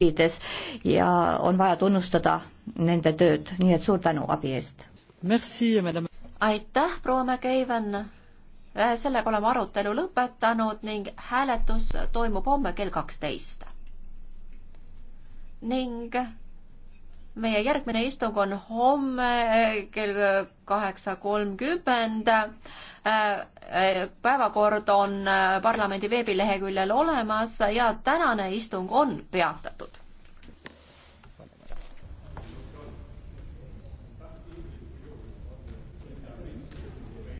riikides ja on vaja tunnustada nende tööd, nii et suur tänu abi eest. aitäh, proua McEven. Äh, sellega oleme arutelu lõpetanud ning hääletus toimub homme kell kaksteist. ning meie järgmine istung on homme kell kaheksa kolmkümmend. Äh, äh, päevakord on parlamendi veebileheküljel olemas ja tänane istung on peatatud.